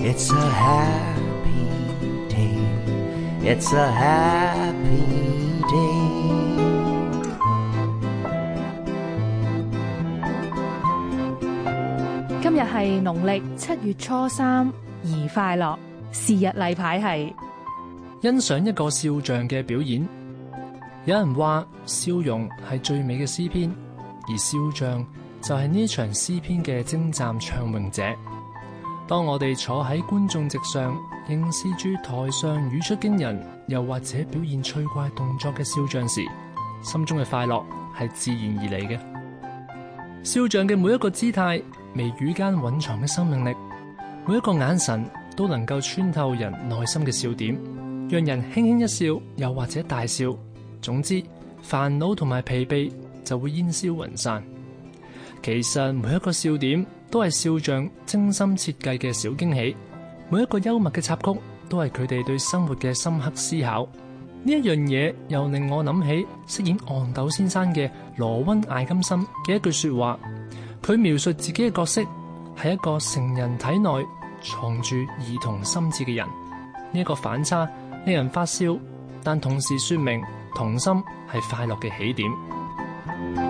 It's a happy day. It's a happy day. 今日係農曆七月初三，而快樂。是日例牌係欣賞一個笑匠嘅表演。有人話笑容係最美嘅詩篇，而笑匠就係呢場詩篇嘅精湛唱詠者。當我哋坐喺觀眾席上，凝視住台上語出驚人，又或者表現趣怪動作嘅笑匠時，心中嘅快樂係自然而來嘅。笑匠嘅每一個姿態、眉宇間隱藏嘅生命力，每一個眼神，都能夠穿透人內心嘅笑點，讓人輕輕一笑，又或者大笑。總之，煩惱同埋疲憊就會煙消雲散。其實每一個笑點都係笑匠精心設計嘅小驚喜，每一個幽默嘅插曲都係佢哋對生活嘅深刻思考。呢一樣嘢又令我諗起飾演憨豆先生嘅羅溫艾金森嘅一句說話，佢描述自己嘅角色係一個成人體內藏住兒童心智嘅人。呢個反差令人發笑，但同時說明童心係快樂嘅起點。